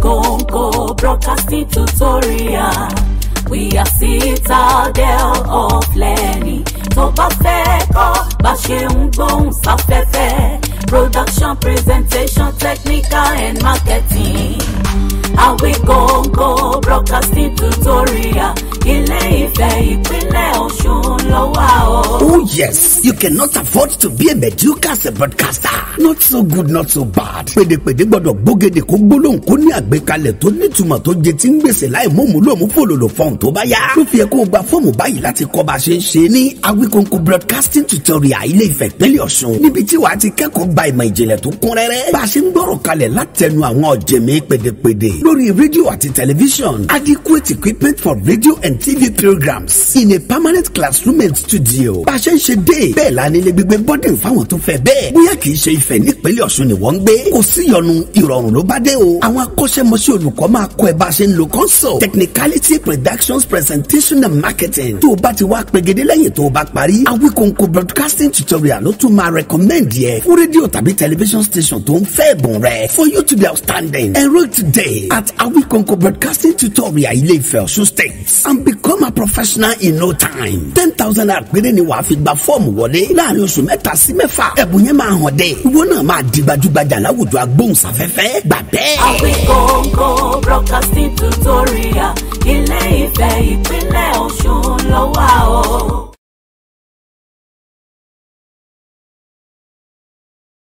go broadcasting tutorial. We are citadel of learning. Tó bá fẹ́ kọ́ bá ṣe ń sáfẹ́fẹ́. Production, presentation, technical and marketing. And we go broadcasting tutorial. Ilé Ifẹ̀ ìpínlẹ̀. Yes, you cannot afford to be a mediocre broadcaster. Not so good, not so bad. Pèdèpèdè gbọ́dọ̀ gbógede kó gbólóhùn kó ní àgbékalẹ̀ tó nítumọ̀ tó jẹ tí ń gbèsè láì mọ́mú lóòmú fòlòlò fọ́ọ̀n tó bá yá. Ló fi yẹ kó o gba fọ́ọ̀mù báyìí láti kọ́ bá ṣe ń ṣe ní Awikonko Broadcasting Tutorial ilé Ifẹ̀ pẹ́lẹ́ Ọ̀ṣun. Níbi tí wàá ti kẹ́kọ̀ọ́ gba ìmọ̀ ìjìnlẹ̀ tó kún rẹ́rẹ́. Bá a ṣe ń gbọ́rọ̀ kalẹ̀ látẹnu àwọn ọ̀jẹ̀mí pèdèpèdè lórí rédíò àti tẹlifíṣàn. Adequate equipment for radio and TV programs in a permanent classroom and studio. Bá a ṣe ń ṣe dé bẹ́ẹ̀ la nílé gbígbé bọ́dìn fáwọn tó fẹ́ bẹ́ẹ̀ bóyá kì í ṣe Ifẹ̀ nípínlẹ̀ Ọ̀ṣun ni wọ́n ń gbé kò sí ìyọnu ìrọ̀rùn ló bá dé o àwọn akọ́ṣẹ́mọṣẹ́ olùkọ́ máa kọ́ ẹ bá ṣe ń lo console technicality productions presentation and marketing tó o bá ti wá pegedé lẹ́yìn tó o bá parí Awikonko broadcasting tutorial ló tún máa recommend yẹ fún rédíò tàbí television station tó ń fẹ́ ẹ̀bùn rẹ for you to be outstanding enroll today at Awikonko broadcasting tutorial Ilé-Ifẹ̀ Ọ̀ṣun state and be professional in no time. ten thousand naira péré ni wàá fi gba fọ́ọ̀mù wọlé láàrin oṣù mẹ́ta sí mẹ́fà. ẹ̀bùn yẹn máa hàn dẹ́. ìwọ náà máa di gbajúgbajà láwùjọ agbóhùnsáfẹ́fẹ́ gbà bẹ́ẹ̀. àwìn kòńkò broadcasting tutorial ilé ìfẹ́ ìpínlẹ̀